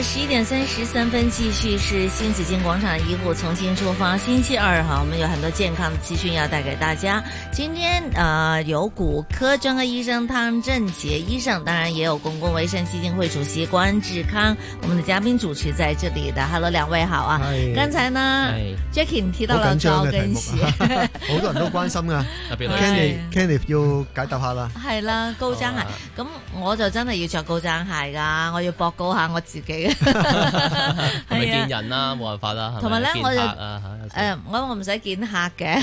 十一點三十三分，繼續是新紫荊廣場醫護重新出發星期二哈，我們有很多健康的資訊要帶給大家。今天，呃，有骨科專科醫生湯振傑醫生，當然也有公共衛生基金會主席關志康，我們的嘉賓主持在這裏的，Hello 兩位好啊。剛才呢，Jackie 提到了，我跟佢，好多人都關心啊。特別 Kenneth 要解答下啦。係啦，高踭鞋，咁我就真係要着高踭鞋噶，我要博高下我自己。未 見人啦、啊，冇辦法啦、啊。同埋咧，我就誒、 啊，我我唔使見客嘅，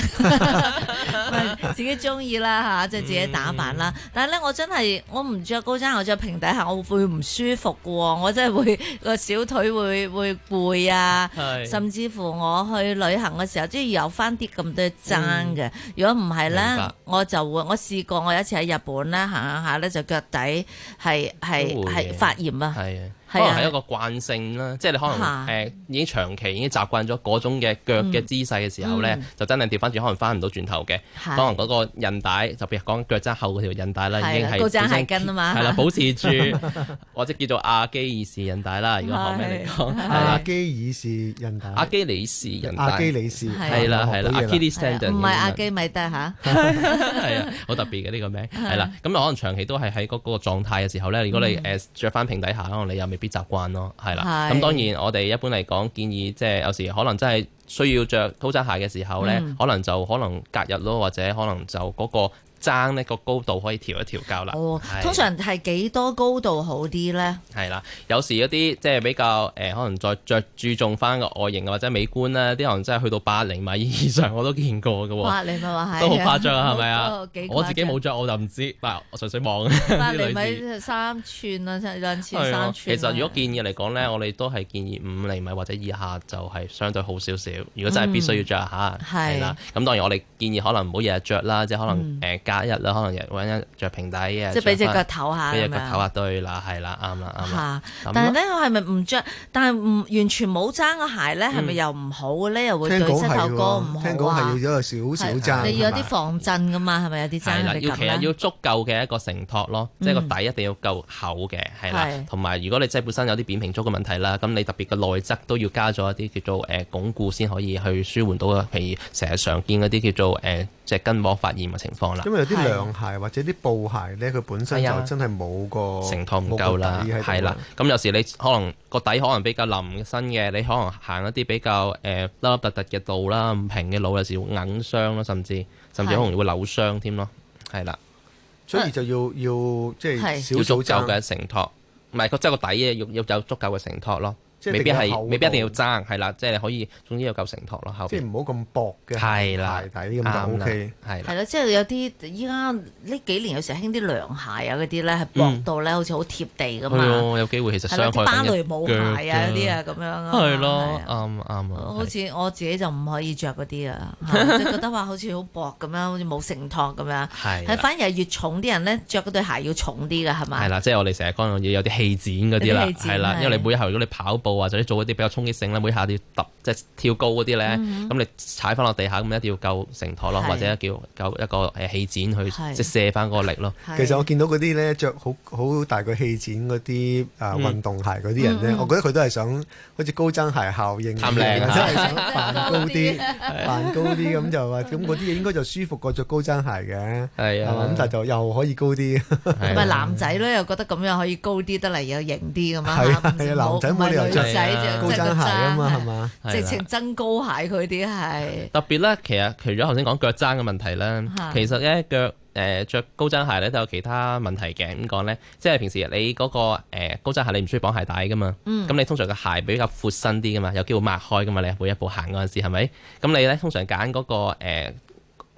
自己中意啦吓，即、啊、係、就是、自己打扮啦。嗯、但係咧，我真係我唔着高踭，我着平底鞋，我會唔舒服嘅。我真係會個小腿會會攰啊，是甚至乎我去旅行嘅時候，即係有翻啲咁多踭嘅。如果唔係咧，呢白我就會我試過我有一次喺日本咧行下下咧，就腳底係係係發炎啊。可能係一個慣性啦，即係你可能誒已經長期已經習慣咗嗰種嘅腳嘅姿勢嘅時候咧，就真係掉翻轉，可能翻唔到轉頭嘅。可能嗰個韌帶，特別係講腳踭後嗰條韌帶咧，已經係股筋啊嘛，係啦，保持住或者叫做阿基里士韌帶啦，如果學名嚟講，阿基里士韌帶，阿基里士韌帶，阿基里士係啦係啦，阿基里斯韌帶，唔係阿基米德嚇，係啊，好特別嘅呢個名係啦，咁啊可能長期都係喺嗰嗰個狀態嘅時候咧，如果你誒著翻平底鞋，可能你又未必習慣咯，係啦。咁的當然，我哋一般嚟講建議，即係有時可能真係需要着高踭鞋嘅時候咧，嗯、可能就可能隔日咯，或者可能就嗰、嗰個。爭咧個高度可以調一調較啦。哦、係通常係幾多高度好啲咧？係啦，有時嗰啲即係比較誒、呃，可能再着注重翻個外形或者美觀咧，啲可能真係去到八厘米以上我都見過嘅喎。八厘米話係都、嗯、好誇張係咪啊？我自己冇着，我就唔知。嗱，我純粹望。八厘米三寸啊，兩兩寸三寸、啊。其實如果建議嚟講咧，我哋都係建議五厘米或者以下就係相對好少少。如果真係必須要着下，係啦。咁當然我哋建議天天可能唔好日日着啦，即係可能誒。隔一日啦，可能日揾一著平底嘅，即係俾隻腳唞下咁樣，俾隻腳唞下對啦，係啦，啱啦，啱啦。但係咧，我係咪唔着？但係唔完全冇踭嘅鞋咧，係咪又唔好咧？又會對膝頭哥唔好啊？聽講係要有少少踭。你要有啲防震噶嘛？係咪有啲踭嘅要其實要足夠嘅一個承托咯，即係個底一定要夠厚嘅，係啦。同埋如果你即係本身有啲扁平足嘅問題啦，咁你特別個內側都要加咗一啲叫做誒鞏固先可以去舒緩到。譬如成日常見嗰啲叫做誒。就筋膜發炎嘅情況啦。因為有啲涼鞋或者啲布鞋咧，佢本身就真係冇個承托唔夠啦。係啦，咁有時你可能個底可能比較冧身嘅，你可能行一啲比較誒凹凹凸凸嘅路啦，唔平嘅路，有時會硬傷咯，甚至甚至，甚至可能易會扭傷添咯。係啦的，所以就要要即係，就是、要足夠嘅承托，唔係個即係個底要要有足夠嘅承托咯。未必係，未必一定要爭，係啦，即係你可以，總之有嚿承托咯，即係唔好咁薄嘅鞋底咁就 OK 係。係啦，即係有啲依家呢幾年有時候興啲涼鞋啊嗰啲咧，係薄到咧好似好貼地咁啊。有機會其實係啲芭蕾舞鞋啊嗰啲啊咁樣。係咯，啱啱啊。好似我自己就唔可以着嗰啲啊，就覺得話好似好薄咁樣，好似冇承托咁樣。係。反而係越重啲人咧，着嗰對鞋要重啲㗎係嘛？係啦，即係我哋成日講嘅嘢有啲氣墊嗰啲啦，係啦，因為你背後如果你跑步。或者做一啲比較衝擊性咧，每下都要揼即係跳高嗰啲咧，咁你踩翻落地下咁，一定要夠承托咯，或者叫夠一個誒氣墊去即係卸翻嗰個力咯。其實我見到嗰啲咧着好好大個氣墊嗰啲啊運動鞋嗰啲人咧，我覺得佢都係想好似高踭鞋效應，談靚啊，真係想扮高啲，扮高啲咁就話，咁嗰啲嘢應該就舒服過着高踭鞋嘅，係啊，咁但係就又可以高啲，咪男仔咧又覺得咁樣可以高啲得嚟又型啲咁啊，係啊，男仔冇。仔著高踭鞋啊嘛，係嘛，直情增高鞋佢啲係特別咧。其實除咗頭先講腳踭嘅問題咧，其實咧腳誒着高踭鞋咧都有其他問題嘅。咁講咧，即係平時你嗰個誒高踭鞋，你唔需要綁鞋帶噶嘛。嗯，咁你通常個鞋比較闊身啲噶嘛，有機會擘開噶嘛。你每一步行嗰陣時係咪咁你咧通常揀嗰個誒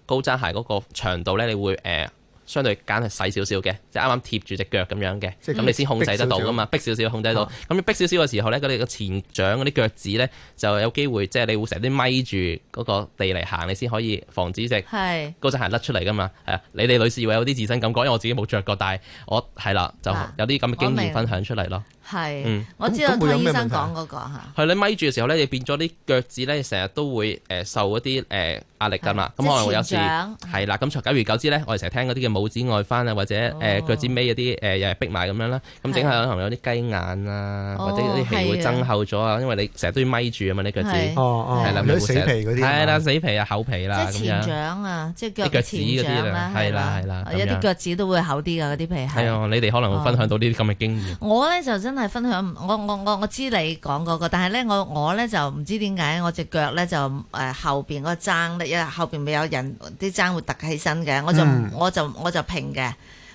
高踭鞋嗰個長度咧，你會誒。相對揀係細少少嘅，就啱啱貼住隻腳咁樣嘅，咁你先控制得到噶嘛，逼少少控制到。咁要逼少、嗯、少嘅時候咧，佢哋個前掌嗰啲腳趾咧就有機會，即係你會成日啲咪住嗰個地嚟行，你先可以防止隻高踭鞋甩出嚟噶嘛。係啊是，你哋女士要有啲自身感覺，因為我自己冇着過，但係我係啦，就有啲咁嘅經驗分享出嚟咯。啊係，我知道醫生講嗰個嚇。係你咪住嘅時候咧，你變咗啲腳趾咧，成日都會誒受一啲誒壓力噶嘛。咁可能會有係啦，咁久而久之咧，我哋成日聽嗰啲嘅拇指外翻啊，或者誒腳趾尾嗰啲誒又係逼埋咁樣啦。咁整下可能有啲雞眼啊，或者啲皮會增厚咗啊，因為你成日都要咪住啊嘛，啲腳趾哦哦，係啦，啲死皮嗰啲，係啦，死皮啊，厚皮啦。即係前掌啊，即係腳趾嗰啲啦，係啦係啦，有啲腳趾都會厚啲噶嗰啲皮。係啊，你哋可能會分享到呢啲咁嘅經驗。我咧就真係。係分享，我我我我知你講嗰個，但係咧我我咧就唔知點解，我隻腳咧就誒、呃、後邊個踭咧因為後邊咪有人啲踭會凸起身嘅，我就、嗯、我就我就，我就平嘅。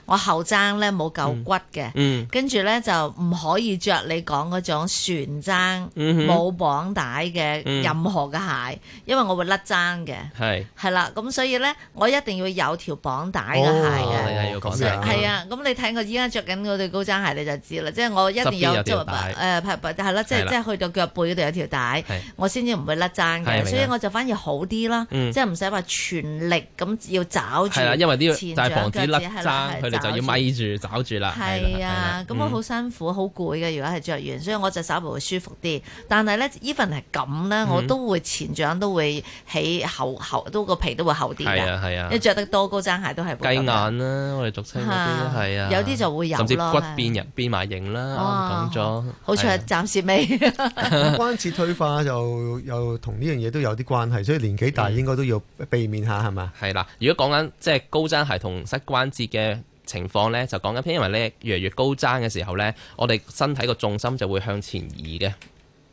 我後踭咧冇夠骨嘅，跟住咧就唔可以着你講嗰種船踭冇綁帶嘅任何嘅鞋，因為我會甩踭嘅。係係啦，咁所以咧，我一定要有條綁帶嘅鞋嘅。係啊，要講係啊，咁你睇我依家着緊嗰對高踭鞋，你就知啦。即係我一定有即係誒拍係啦，即係即係去到腳背嗰度有條帶，我先至唔會甩踭嘅。所以我就反而好啲啦，即係唔使話全力咁要找住，防止甩踭。就要咪住、抓住啦。係啊，咁我好辛苦、好攰嘅。如果係着完，所以我就稍為會舒服啲。但係咧，依份係咁咧，我都會前掌都會起厚、厚都個皮都會厚啲嘅。係啊係啊，一着得多高踭鞋都係。雞眼啦，我哋俗稱嗰啲係啊，有啲就會有咯。甚至骨變形、變埋形啦，講咗。好彩，暫時未。關節退化又又同呢樣嘢都有啲關係，所以年紀大應該都要避免下係嘛？係啦，如果講緊即係高踭鞋同膝關節嘅。情況咧就講緊，因為咧越嚟越高踭嘅時候咧，我哋身體個重心就會向前移嘅。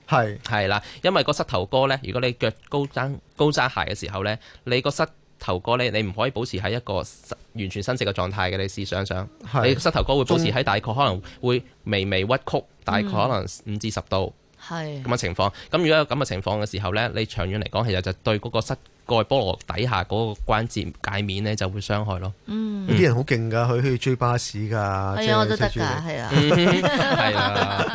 係係啦，因為個膝頭哥咧，如果你腳高踭高踭鞋嘅時候咧，你個膝頭哥咧，你唔可以保持喺一個完全伸直嘅狀態嘅。你試想想，是你膝頭哥會保持喺大概可能會微微屈曲，大概可能五至十度。係咁嘅情況。咁如果有咁嘅情況嘅時候咧，你長遠嚟講，其實就對嗰個膝蓋菠蘿底下嗰個關節界面咧就會傷害咯嗯害。嗯，啲人好勁㗎，佢去追巴士㗎。係啊、哎呀，我都得㗎，係啊，係啊，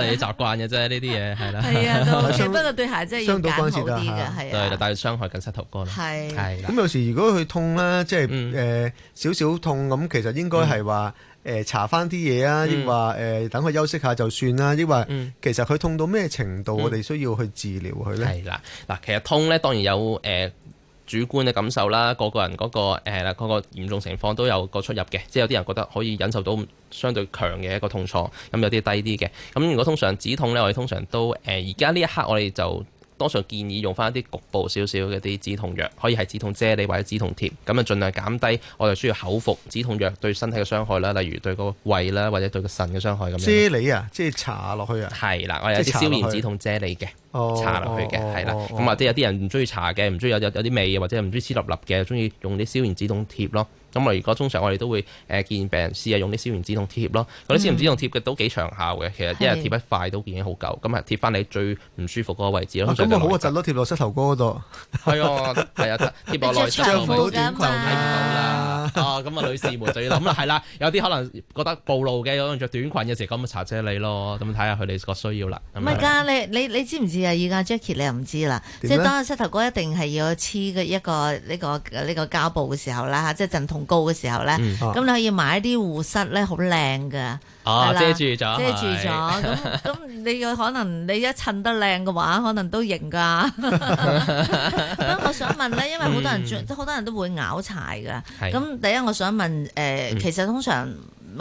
嗱，你習慣嘅啫，呢啲嘢係啦。係啊 ，不過對鞋真係要揀好啲嘅，係啊。對，但係傷害緊膝頭哥啦。係。係對。咁 對有時如果佢痛啦，即係誒少少痛，咁、就是嗯呃、其實應該係話。嗯誒、呃、查翻啲嘢啊，亦話誒等佢休息下就算啦，亦話其實佢痛到咩程度，嗯、我哋需要去治療佢呢？係啦，嗱，其實痛呢，當然有誒、呃、主觀嘅感受啦，個個人嗰、那個誒嗰、呃、嚴重情況都有個出入嘅，即係有啲人覺得可以忍受到相對強嘅一個痛楚，咁有啲低啲嘅。咁如果通常止痛呢，我哋通常都誒而家呢一刻我哋就。多數建議用翻一啲局部少少嘅啲止痛藥，可以係止痛啫喱或者止痛貼，咁啊，盡量減低我哋需要口服止痛藥對身體嘅傷害啦，例如對個胃啦或者對個腎嘅傷害咁。啫喱啊，即係搽落去啊。係啦，我有啲消炎止痛啫喱嘅。搽落去嘅，係啦，咁或者有啲人唔中意搽嘅，唔中意有有啲味，或者唔中意黐立立嘅，中意用啲消炎止痛貼咯。咁我如果通常我哋都會誒見病人試下用啲消炎止痛貼咯。嗰啲消炎止痛貼嘅都幾長效嘅，其實一日貼一塊都已經好夠。咁啊，貼翻你最唔舒服嗰個位置咯。咁個好就攞貼落膝頭哥嗰度。係喎，係啊，貼落內穿嗰啲短裙就睇唔到啦。咁啊，女士們就要諗啦，係啦，有啲可能覺得暴露嘅，可能着短裙嘅時候咁搽啫，你咯，咁睇下佢哋個需要啦。唔係㗎，你你知唔知？就依家 Jackie 你又唔知啦，即係當膝頭哥一定係要黐嘅一個呢個呢個膠布嘅時候啦，即係鎮痛膏嘅時候咧，咁你可以買啲護膝咧，好靚㗎，係啦，遮住咗，遮住咗，咁咁你有可能你一襯得靚嘅話，可能都型㗎。咁我想問咧，因為好多人好多人都會拗柴㗎，咁第一我想問誒，其實通常。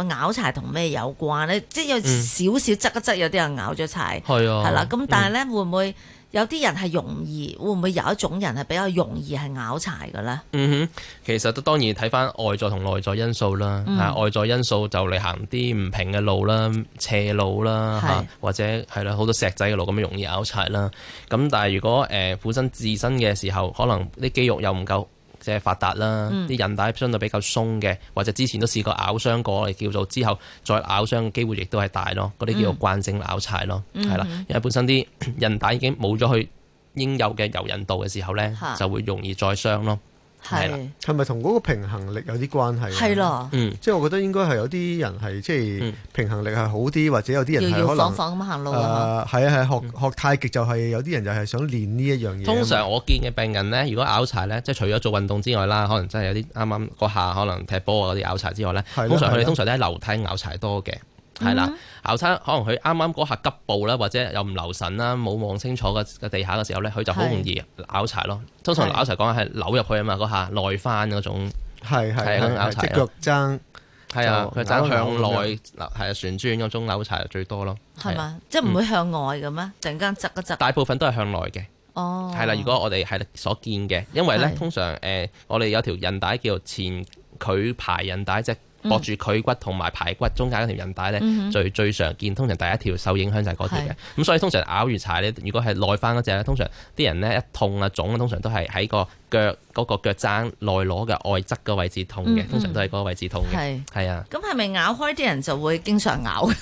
拗柴同咩有關咧？即、就、係、是、有少少側一側，有啲人拗咗柴，係啊的，係啦。咁但係呢，嗯、會唔會有啲人係容易？會唔會有一種人係比較容易係拗柴嘅呢？嗯哼，其實都當然睇返外在同內在因素啦。嚇、嗯，外在因素就嚟行啲唔平嘅路啦、斜路啦，的或者係啦，好多石仔嘅路咁容易拗柴啦。咁但係如果誒、呃、本身自身嘅時候，可能啲肌肉又唔夠。即係發達啦，啲韌帶相對比較鬆嘅，或者之前都試過拗傷過，我哋叫做之後再拗傷嘅機會亦都係大咯，嗰啲叫做慣性拗柴咯，係啦、嗯，因為本身啲韌帶已經冇咗佢應有嘅柔韌度嘅時候咧，就會容易再傷咯。係，係咪同嗰個平衡力有啲關係？係咯了，嗯，即係我覺得應該係有啲人係即係平衡力係好啲，或者有啲人係爽爽咁行路啊。係啊係，學學太極就係、是、有啲人就係想練呢一樣嘢。通常我見嘅病人咧，如果拗柴咧，即係除咗做運動之外啦，可能真係有啲啱啱嗰下可能踢波嗰啲拗柴之外咧，了通常佢哋通常都喺樓梯拗柴多嘅。係啦，拗柴、嗯、可能佢啱啱嗰下急步啦，或者又唔留神啦，冇望清楚嘅個地下嘅時候咧，佢就好容易拗柴咯。是通常拗柴講係扭入去啊嘛，嗰下內翻嗰種，係係，的柴即係拗柴咯。隻腳踭，係啊、嗯，佢踭向內，係啊、嗯，旋轉嗰種拗柴就最多咯。係嘛、嗯，即係唔會向外嘅咩？突然間側一側，大部分都係向內嘅。哦，係啦，如果我哋係所見嘅，因為咧，是通常誒、呃，我哋有條韌帶叫前距腓韌帶，即係。駁住腿骨同埋排骨中間嗰條韌帶咧，最最常見，通常第一條受影響就係嗰條嘅。咁所以通常拗完柴咧，如果係內翻嗰隻咧，通常啲人咧一痛啊、腫啊，ings, 嗯、通常都係喺個腳嗰個腳踭內攞嘅外側嘅位置痛嘅，通常都係嗰個位置痛嘅。係啊，咁係咪拗開啲人就會經常拗？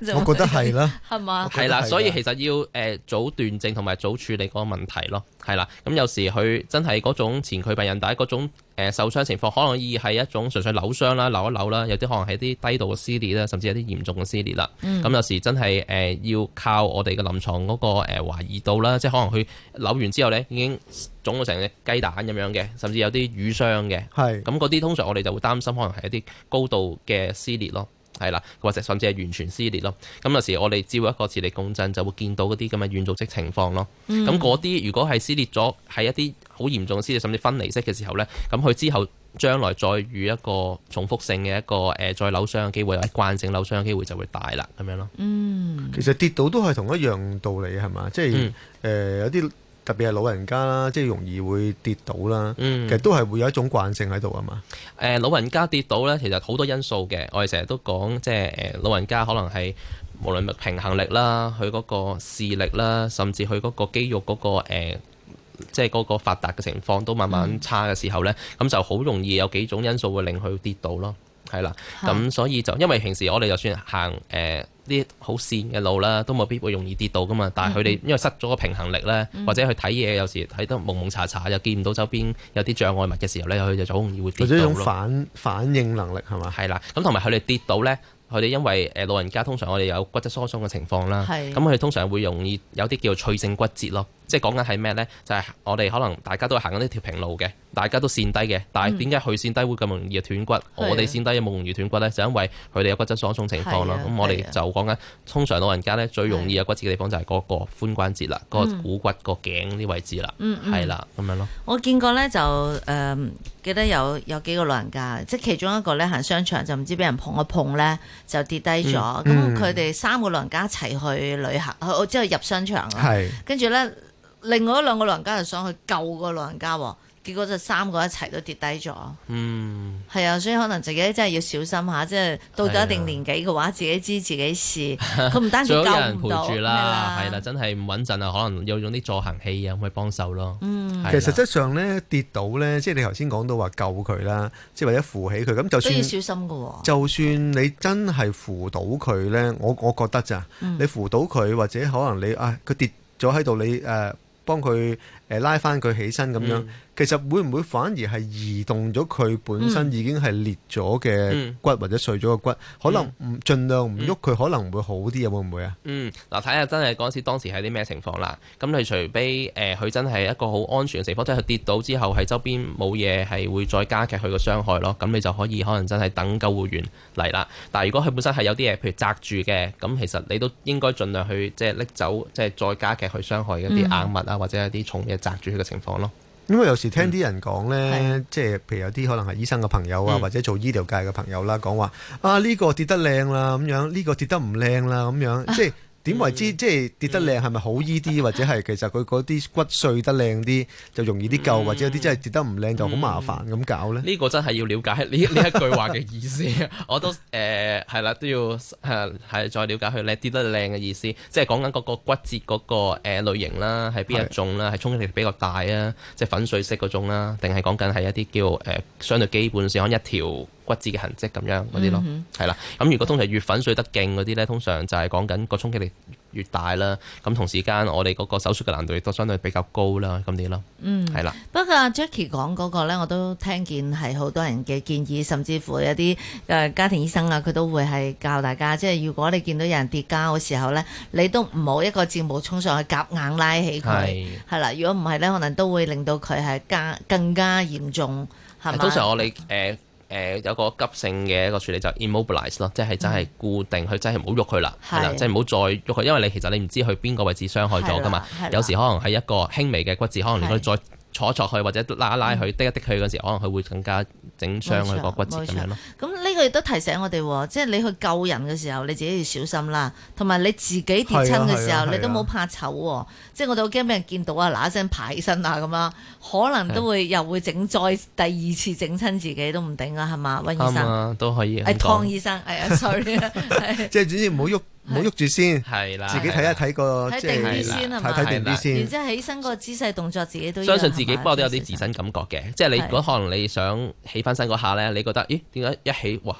Formula 我覺得係啦，係嘛？係啦，所以其實要誒早斷症同埋早處理嗰個問題咯，係啦。咁、so, 有時佢真係嗰種前腿韌帶嗰種。 誒，受傷情況，可能已經係一種純粹扭傷啦，扭一扭啦，有啲可能係啲低度嘅撕裂啦，甚至有啲嚴重嘅撕裂啦。咁、嗯、有時真係誒要靠我哋嘅臨床嗰個誒懷疑度啦，即係可能佢扭完之後呢已經腫咗成隻雞蛋咁樣嘅，甚至有啲瘀傷嘅。係咁嗰啲，那那通常我哋就會擔心，可能係一啲高度嘅撕裂咯。係啦，或者甚至係完全撕裂咯。咁有時我哋照一個磁力共振就會見到嗰啲咁嘅軟組織情況咯。咁嗰啲如果係撕裂咗，係一啲好嚴重嘅撕裂，甚至分離式嘅時候咧，咁佢之後將來再遇一個重複性嘅一個誒再扭傷嘅機會，或者慣性扭傷嘅機會就會大啦咁樣咯。嗯，其實跌倒都係同一樣道理係嘛？即係誒有啲。特別係老人家啦，即係容易會跌倒啦。嗯、其實都係會有一種慣性喺度啊嘛。誒、呃，老人家跌倒咧，其實好多因素嘅。我哋成日都講，即係誒、呃，老人家可能係無論平衡力啦，佢嗰個視力啦，甚至佢嗰個肌肉嗰、嗰個誒、呃，即係嗰個發達嘅情況都慢慢差嘅時候咧，咁、嗯、就好容易有幾種因素會令佢跌倒咯。係啦，咁的所以就因為平時我哋就算行誒。呃啲好跣嘅路啦，都冇必會容易跌到噶嘛。但係佢哋因為失咗個平衡力咧，嗯、或者去睇嘢，有時睇得蒙蒙查查，又見唔到周邊有啲障礙物嘅時候咧，佢就好容易會跌倒咯。或者一種反反應能力係嘛？係啦，咁同埋佢哋跌到咧，佢哋因為誒、老人家通常我哋有骨質疏鬆嘅情況啦，咁佢哋通常會容易有啲叫脆性骨折咯。即係講緊係咩呢？就係、是、我哋可能大家都係行緊呢條平路嘅，大家都跣低嘅，但係點解佢跣低會咁容易斷骨？嗯、我哋跣低又冇容易斷骨呢，就因為佢哋有骨質疏鬆,鬆情況咯。咁是的、嗯、我哋就講緊通常老人家呢最容易有骨折嘅地方就係嗰個髖關節啦，是的 嗯、個股骨個頸啲位置啦，係啦、嗯嗯，咁樣咯。我見過呢，就誒、嗯，記得有有幾個老人家，即係其中一個呢，行商場就唔知俾人碰一碰呢，就跌低咗。咁佢哋三個老人家一齊去旅行，之後入商場，跟住呢。另外一兩個老人家就想去救個老人家，結果就三個一齊都跌低咗。嗯，係啊，所以可能自己真係要小心下，即係到咗一定年紀嘅話，自己知自己事。佢唔單止救唔到，係啦，真係唔穩陣啊！可能有用啲助行器啊，咁去幫手咯。嗯，其實質上咧跌倒咧，即係你頭先講到話救佢啦，即係為咗扶起佢咁，就算都要小心嘅。就算你真係扶到佢咧，我我覺得咋？你扶到佢或者可能你啊，佢跌咗喺度，你誒。幫佢誒、呃、拉翻佢起身咁樣。嗯其實會唔會反而係移動咗佢本身已經係裂咗嘅骨、嗯、或者碎咗嘅骨，嗯、可能唔盡量唔喐佢可能會好啲，會唔會啊？嗯，嗱，睇下、嗯、真係嗰陣時當時係啲咩情況啦。咁你除非誒佢、呃、真係一個好安全嘅情況，即係佢跌倒之後喺周邊冇嘢係會再加劇佢嘅傷害咯。咁、嗯、你就可以可能真係等救護員嚟啦。但係如果佢本身係有啲嘢，譬如砸住嘅，咁其實你都應該盡量去即係拎走，即係再加劇佢傷害一啲硬物啊，或者一啲重嘢砸住佢嘅情況咯。嗯因為有時聽啲人講呢，即係、嗯、譬如有啲可能係醫生嘅朋友啊，嗯、或者做醫療界嘅朋友啦，講話、嗯、啊呢、呢個跌得靚啦，咁樣呢、呢個跌得唔靚啦，咁樣、啊、即係。點為之即係跌得靚係咪好依啲，或者係其實佢嗰啲骨碎得靚啲，就容易啲救，嗯、或者有啲真係跌得唔靚就好麻煩咁搞咧？呢個真係要了解呢呢一句話嘅意思。 我都誒係啦，都要係係、呃、再了解佢咧跌得靚嘅意思，即係講緊嗰個骨折嗰、嗰個誒、呃、類型啦，係邊一種啦，係衝擊力比較大啊，即、就、係、係、粉碎式嗰種啦，定係講緊係一啲叫誒相對基本上一條，骨折嘅痕跡咁樣嗰啲咯，係啦、嗯哼。咁如果通常越粉碎得勁嗰啲呢，通常就係講緊個衝擊力越大啦。咁同時間我哋嗰個手術嘅難度亦都相對比較高啦，咁啲咯。嗯，係啦的。不過阿 Jackie 講嗰、那個咧，我都聽見係好多人嘅建議，甚至乎一啲誒家庭醫生啊，佢都會係教大家，即係如果你見到有人跌跤嘅時候呢，你都唔好一個字目衝上去夾硬拉起佢。係的。係啦，如果唔係呢，可能都會令到佢係加更加嚴重。係通常我哋誒。呃誒有個急性嘅一個處理就 immobilize 咯，即係真係固定，佢真係唔好喐佢啦，係啦的，即係唔好再喐佢，因為你其實你唔知佢邊個位置傷害咗噶嘛，有時可能係一個輕微嘅骨折，可能你再，坐坐去，或者拉一拉佢，滴一滴佢嗰時，可能佢會更加整傷佢個骨折咁樣咯。咁呢個亦都提醒我哋，即係你去救人嘅時候，你自己要小心啦。同埋你自己跌親嘅時候，啊啊啊、你都冇怕醜喎。即係我哋好驚俾人見到啊，嗱一聲爬起身啊咁啦，可能都會又會整再第二次整親自己都唔定啦，係嘛，温醫生。都、啊、可以。係湯、哎、醫生，係啊，sorry。即係總之唔好喐。冇喐住先，係啦，自己睇一睇個睇定啲先，睇定啲先。然之後起身個姿勢動作自己都相信自己，不過都有啲自身感覺嘅。即係你如果可能你想起翻身嗰下咧，你覺得咦？點解一起哇？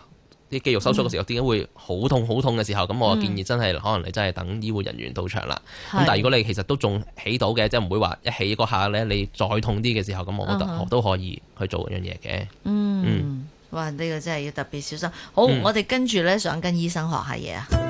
啲肌肉收縮嘅時候，點解會好痛好痛嘅時候？咁我建議真係可能你真係等醫護人員到場啦。咁但係如果你其實都仲起到嘅，即係唔會話一起嗰下咧，你再痛啲嘅時候，咁我覺得都可以去做一樣嘢嘅。嗯，哇！呢個真係要特別小心。好，我哋跟住咧想跟醫生學下嘢啊。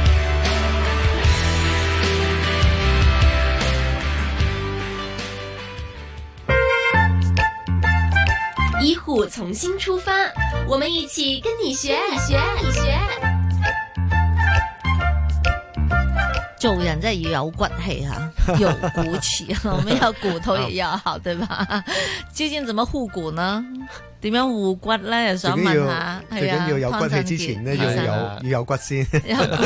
從新出發，我們一起跟你學，跟你學，跟你學。做人真係要有骨氣吓，有骨氣，我們有骨頭亦有好，對吧？究竟怎麼護骨呢？點樣護骨咧？想問下，最緊要有骨氣之前咧，要有要有骨先。有骨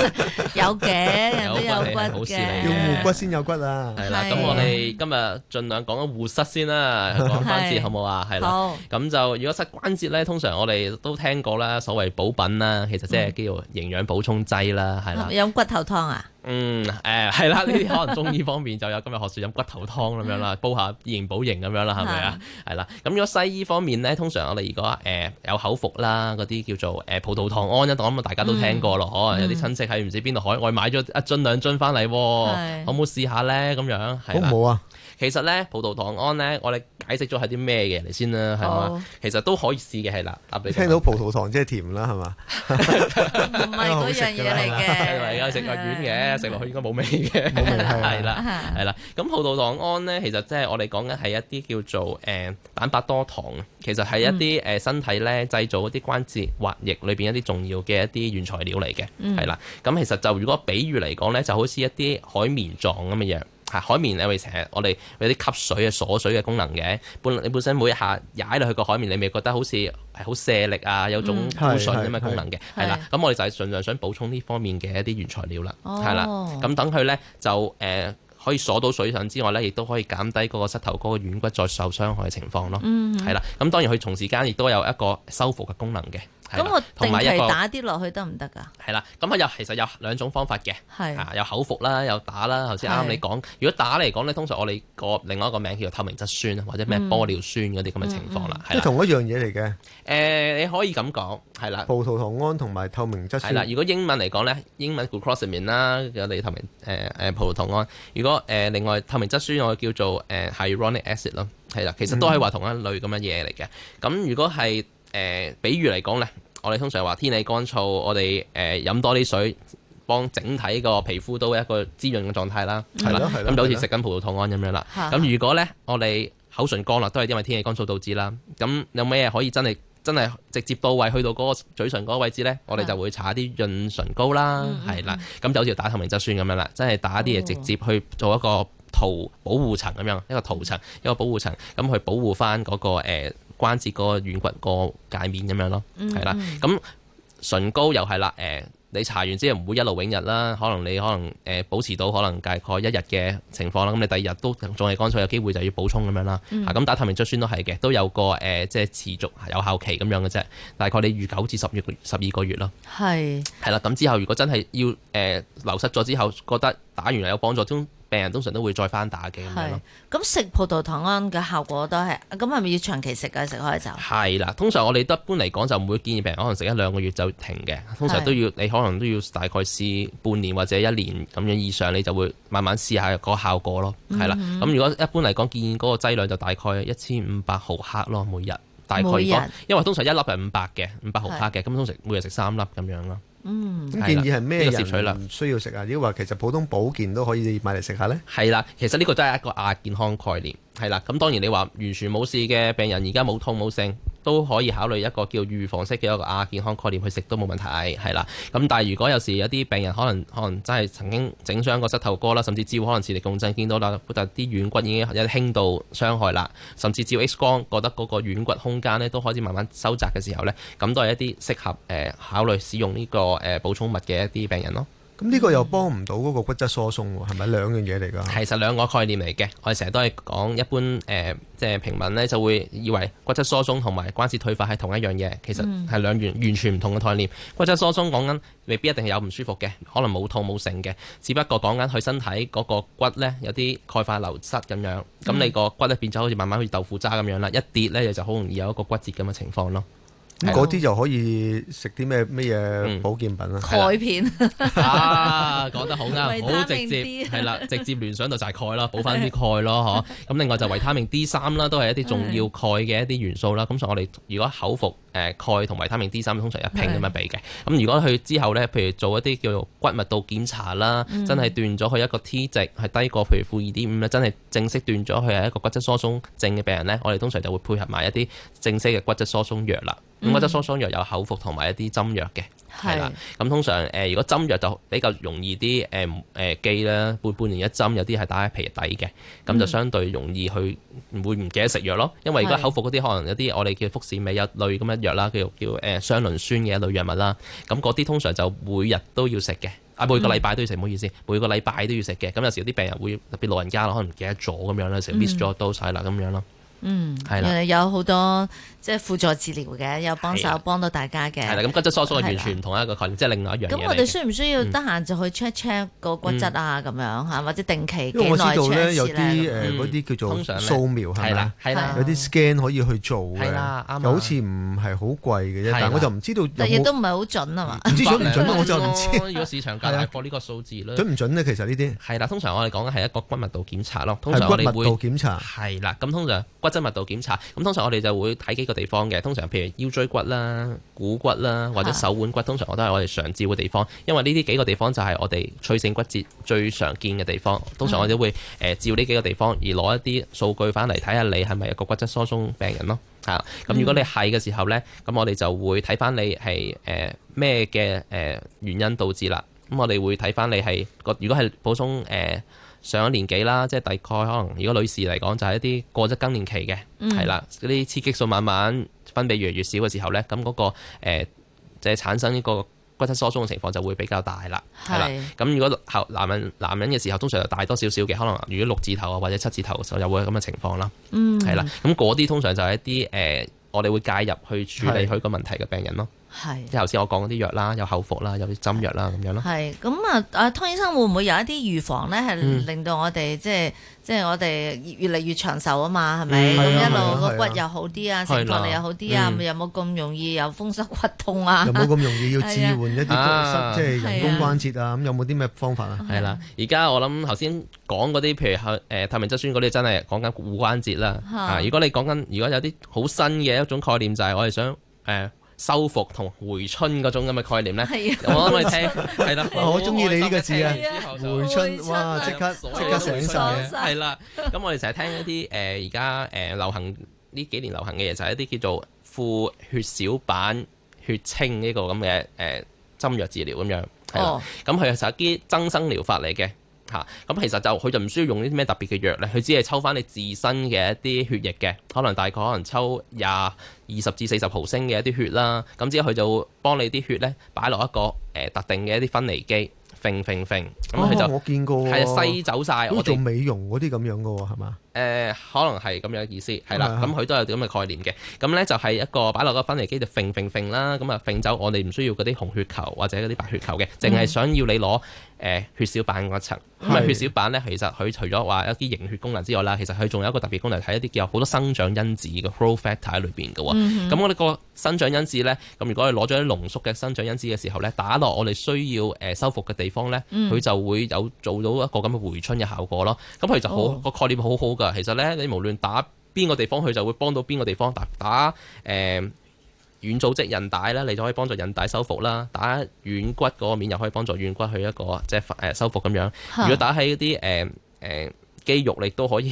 有嘅人都有骨嘅，要護骨先有骨啊！係啦，咁我哋今日盡量講緊護膝先啦，講關節好冇啊？係啦，咁就如果膝關節咧，通常我哋都聽過啦，所謂補品啦，其實即係叫營養補充劑啦，係啦，飲骨頭湯啊。嗯，誒、欸、係啦，呢啲可能中醫方面就有今日學說飲 骨頭湯咁樣啦，煲下以形補形咁樣是啦，係咪啊？係啦，咁如果西醫方面咧，通常我哋如果誒、呃、有口服啦，嗰啲叫做誒、呃、葡萄糖胺一檔咁啊，大家都聽過咯，可能、嗯、有啲親戚喺唔知邊度海外買咗一樽兩樽翻嚟，可唔可以試下咧咁樣？好唔好啊？其實咧葡萄糖胺咧，我哋解釋咗係啲咩嘅嚟先啦，係嘛？哦、其實都可以試嘅，係啦。聽到葡萄糖即係甜啦，係嘛？唔係嗰樣嘢嚟嘅，係咪啊？食個丸嘅，食落 去應該冇味嘅，冇味係啦，係啦。 咁葡萄糖胺咧，其實即係我哋講緊係一啲叫做誒蛋白多糖，其實係一啲誒身體咧製造嗰啲關節滑液裏邊一啲重要嘅一啲原材料嚟嘅，係啦、嗯。咁其實就如果比喻嚟講咧，就好似一啲海綿狀咁嘅樣。海綿你咪哋成日，我哋有啲吸水啊、鎖水嘅功能嘅。本你本身每一下踩落去個海綿，你咪覺得好似係好卸力啊，有種補水咁嘅功能嘅。係啦、嗯，咁我哋就係盡量想補充呢方面嘅一啲原材料啦。係啦、哦，咁等佢咧就誒、呃、可以鎖到水份之外咧，亦都可以減低嗰個膝頭哥軟骨再受傷害嘅情況咯。係啦、嗯哼，咁當然佢同時間亦都有一個修復嘅功能嘅。咁我定係打啲落去得唔得噶？係啦、嗯，咁啊又其實有兩種方法嘅，係啊是有口服啦，有打啦。頭先啱啱你講，是如果打嚟講咧，通常我哋個另外一個名叫做透明質酸啊，或者咩玻尿酸嗰啲咁嘅情況啦。即係同一樣嘢嚟嘅。誒、呃，你可以咁講，係啦，葡萄糖胺同埋透明質酸。係啦，如果英文嚟講咧，英文叫 glucosamine 啦，有你透明誒誒葡萄糖胺。如果誒、呃、另外透明質酸我叫做誒 hyaluronic acid 咯，係啦，其實都係話同一類咁嘅嘢嚟嘅。咁如果係。誒，比如嚟講咧，我哋通常話天氣乾燥，我哋誒飲多啲水，幫整體個皮膚都一個滋潤嘅狀態啦，係啦。咁就好似食緊葡萄糖胺咁樣啦。咁如果咧，我哋口唇乾啦，都係因為天氣乾燥導致啦。咁有咩可以真係真係直接到位，去到嗰個嘴唇嗰個位置咧？我哋就會搽啲潤唇膏啦，係啦。咁就好似打透明質酸咁樣啦，真係打啲嘢，直接去做一個塗保護層咁樣，一個塗層，一個保護層，咁去保護翻嗰個誒。關節個軟骨個界面咁樣咯，係啦、mm，咁、hmm. 唇膏又係啦，誒、呃，你搽完之後唔會一勞永逸啦，可能你可能誒、呃、保持到可能大概一日嘅情況啦，咁你第二日都仲係乾燥，有機會就要補充咁樣啦。咁、mm hmm. 啊、打透明質酸都係嘅，都有個誒即係持續有效期咁樣嘅啫，大概你預九至十月十二個月咯。係係啦，咁之後如果真係要誒、呃、流失咗之後，覺得打完有幫助，都。病人通常都會再翻打嘅咁樣咯。咁食葡萄糖胺嘅效果都係，咁係咪要長期食啊？食開就係啦。通常我哋一般嚟講就唔會建議病人可能食一兩個月就停嘅。通常都要是的 你可能都要大概試半年或者一年咁樣以上，你就會慢慢試下個效果咯。係啦。咁、嗯、哼 如果一般嚟講建議嗰個劑量就大概一千五百毫克咯，每日。大概每日。因為通常一粒係五百嘅，五百毫克嘅，咁通常每日食三粒咁樣咯。嗯，咁建議係咩人需要食啊？如果話其實普通保健都可以買嚟食下咧，係啦，其實呢個都係一個亞健康概念。係啦，咁當然你話完全冇事嘅病人，而家冇痛冇症，都可以考慮一個叫預防式嘅一個亞、啊、健康概念去食都冇問題。係啦，咁但係如果有時有啲病人可能可能真係曾經整傷個膝頭哥啦，甚至照可能磁力共振見到啦，其實啲軟骨已經有啲輕度傷害啦，甚至照 X 光覺得嗰個軟骨空間咧都開始慢慢收窄嘅時候呢，咁都係一啲適合誒、呃、考慮使用呢、這個誒、呃、補充物嘅一啲病人咯。咁呢個又幫唔到嗰個骨質疏鬆喎，係咪兩樣嘢嚟㗎？嗯、其實兩個概念嚟嘅，我哋成日都係講一般誒，即、呃、係平民呢就會以為骨質疏鬆同埋關節退化係同一樣嘢，其實係兩完完全唔同嘅概念。嗯、骨質疏鬆講緊未必一定係有唔舒服嘅，可能冇痛冇腎嘅，只不過講緊佢身體嗰個骨呢有啲鈣化流失咁樣，咁、嗯啊、你個骨呢變咗好似慢慢好似豆腐渣咁樣啦，一跌呢就好容易有一個骨折咁嘅情況咯。嗰啲、嗯、就可以食啲咩咩嘢保健品啊？鈣片啊，講得好啱，好直接係啦，直接聯想到就係鈣咯，補翻啲鈣咯，嗬、 啊。咁另外就維他命 D 三啦，都係一啲重要鈣嘅一啲元素啦。咁所以我哋如果口服誒鈣同維他命 D 三，通常一拼咁樣俾嘅。咁的如果佢之後咧，譬如做一啲叫做骨密度檢查啦，真係斷咗佢一個 T 值係低過譬如負二點五咧，真係正式斷咗佢係一個骨質疏鬆症嘅病人咧，我哋通常就會配合埋一啲正式嘅骨質疏鬆藥啦。咁嗰啲疏鬆藥有口服同埋一啲針藥嘅，係啦。咁通常誒，如果針藥就比較容易啲誒誒記啦，半半年一針，有啲係打喺皮底嘅，咁就相對容易去唔會唔記得食藥咯。因為而家口服嗰啲可能有啲我哋叫福士美一類咁嘅藥啦，叫叫誒雙膦酸嘅一類藥物啦。咁嗰啲通常就每日都要食嘅，啊，每個禮拜都要食。唔好意思，每個禮拜都要食嘅。咁有時有啲病人會特別老人家可能唔記得咗咁樣咧，成 miss 咗都晒啦咁樣咯。嗯，係啦，有好多。即係輔助治療嘅，有幫手幫到大家嘅。係啦，咁骨質疏鬆係完全唔同一個概念，即係另外一樣。咁我哋需唔需要得閒就去 check check 個骨質啊？咁樣嚇，或者定期我知道呢有啲嗰啲叫做，通常咧。係啦，係啦。有啲 scan 可以去做嘅，又好似唔係好貴嘅啫。但我就唔知道。但亦都唔係好準啊嘛。唔知準唔準咧？我就唔知。如果市場價大過呢個數字咧？準唔準咧？其實呢啲係啦，通常我哋講緊係一個骨密度檢查咯。通常骨密度檢查係啦。咁通常骨質密度檢查，咁通常我哋就會睇幾個。地方嘅通常，譬如腰椎骨啦、股骨，骨啦或者手腕骨，通常都我都係我哋常照嘅地方，因為呢啲幾個地方就係我哋脆性骨折最常見嘅地方。通常我哋都會誒照呢幾個地方而攞一啲數據翻嚟，睇下你係咪個骨質疏鬆病人咯吓。咁、嗯、如果你係嘅時候呢，咁我哋就會睇翻你係誒咩嘅誒原因導致啦。咁我哋會睇翻你係如果係補充誒。呃上咗年紀啦，即係大概可能。如果女士嚟講，就係、是、一啲過咗更年期嘅，係啦、嗯，嗰啲雌激素慢慢分泌越嚟越少嘅時候咧，咁嗰、那個誒、呃、就係、是、產生呢個骨質疏鬆嘅情況就會比較大啦，係啦是。咁如果後男人男人嘅時候，通常就大多少少嘅，可能如果六字頭啊或者七字頭嘅時候，又會咁嘅情況啦，係啦、嗯。咁嗰啲通常就係一啲誒、呃，我哋會介入去處理佢個問題嘅病人咯。係，即係頭先我講嗰啲藥啦，有口服啦，有針藥啦，咁樣咯。係咁啊，阿湯醫生會唔會有一啲預防咧？係令到我哋即係即係我哋越嚟越長壽啊嘛？係咪一路個骨又好啲啊，情況又好啲啊？有冇咁容易有風濕骨痛啊？有冇咁容易要置換一啲即係人工關節啊？咁有冇啲咩方法啊？係啦，而家我諗頭先講嗰啲，譬如係透明質酸嗰啲，真係講緊骨關節啦。如果你講緊如果有啲好新嘅一種概念，就係我哋想誒。修復同回春嗰種咁嘅概念咧，我諗係聽係啦，我好中意你呢個字啊！回春哇，即刻即刻成神係啦。咁我哋成日聽一啲誒而家誒流行呢幾年流行嘅嘢，就係、是、一啲叫做副血小板血清呢個咁嘅誒針藥治療咁樣，係啦、啊。咁佢就係一啲增生療法嚟嘅。嚇，咁其實就佢就唔需要用啲咩特別嘅藥咧，佢只係抽翻你自身嘅一啲血液嘅，可能大概可能抽廿二十至四十毫升嘅一啲血啦，咁之後佢就幫你啲血咧擺落一個誒特定嘅一啲分離機，揈揈揈，咁佢就我見過係啊，吸就走晒，我做美容嗰啲咁樣嘅喎，係嘛？誒、呃、可能係咁樣嘅意思，係啦，咁佢 Okay.、嗯、都有啲咁嘅概念嘅，咁、嗯、呢就係、是、一個擺落個分離機就揈揈揈啦，咁啊揈走我哋唔需要嗰啲紅血球或者嗰啲白血球嘅，淨係想要你攞誒、呃、血小板嗰層，咁是血小板呢，其實佢除咗話一啲凝血功能之外啦，其實佢仲有一個特別功能，係一啲叫好多生長因子嘅 growth factor 喺裏邊嘅喎，咁我哋個生長因子呢，咁如果係攞咗啲濃縮嘅生長因子嘅時候呢，打落我哋需要誒修復嘅地方呢，佢就會有做到一個咁嘅回春嘅效果咯，咁佢就好個概念好好。其實咧，你無論打邊個地方佢就會幫到邊個地方。打打誒軟、呃、組織韌帶咧，你就可以幫助韌帶修復啦。打軟骨嗰個面又可以幫助軟骨去一個即係誒、呃、修復咁樣。如果打喺嗰啲誒誒肌肉，你都可以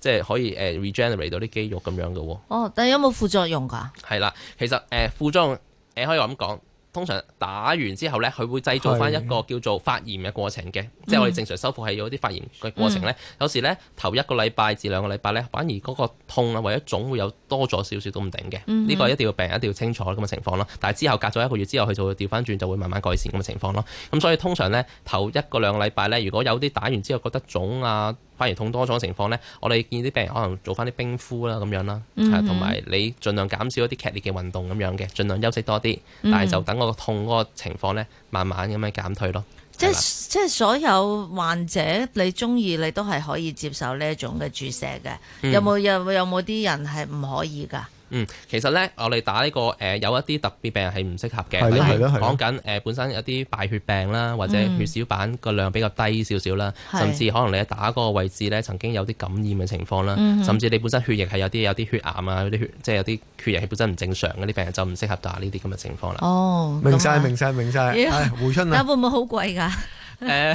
即係可以誒、呃、regenerate 到啲肌肉咁樣噶。哦，但係有冇副作用噶？係啦，其實誒、呃，副作用誒、呃、可以話咁講。通常打完之後呢，佢會製造翻一個叫做發炎嘅過程嘅，是即係我哋正常修復係有啲發炎嘅過程呢。嗯、有時呢，頭一個禮拜至兩個禮拜呢，反而嗰個痛啊，或者腫會有多咗少少都唔定嘅。呢個、嗯、一定要病人一定要清楚咁嘅情況咯。但係之後隔咗一個月之後，佢就會調翻轉就會慢慢改善咁嘅情況咯。咁所以通常呢，頭一個兩個禮拜呢，如果有啲打完之後覺得腫啊，反而痛多咗嘅情況咧，我哋建議啲病人可能做翻啲冰敷啦，咁樣啦，同埋、嗯、哼你儘量減少一啲劇烈嘅運動咁樣嘅，儘量休息多啲，嗯、但係就等個痛嗰個情況咧，慢慢咁樣減退咯。即是吧即所有患者你中意你都係可以接受呢一種嘅注射嘅、嗯，有冇有有冇啲人係唔可以㗎？嗯，其實咧、這個，我哋打呢個誒，有一啲特別病人係唔適合嘅，例如講緊誒本身有啲敗血病啦，或者血小板個量比較低少少啦，嗯、甚至可能你打嗰個位置咧曾經有啲感染嘅情況啦，嗯、哼甚至你本身血液係有啲有啲血癌啊，嗰啲血即係有啲血液本身唔正常嗰啲病人就唔適合打呢啲咁嘅情況啦。哦，明晒，明晒，明晒！回春啊！但會唔會好貴㗎？ 誒，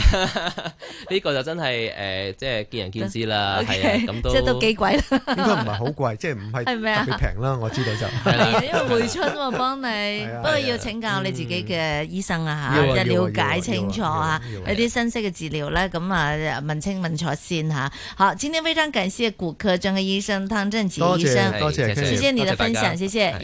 呢個就真係誒，即係見仁見智啦，係咁都即係都幾貴啦，應該唔係好貴，即係唔係特別平啦，我知道就，因為回春幫你，不過要請教你自己嘅醫生啊。吓，一了解清楚啊，有啲新式嘅治療咧，咁啊問清問楚先吓。好，今天非常感謝骨科專科醫生湯振傑醫生，多謝，多謝，謝謝你的分享，謝謝。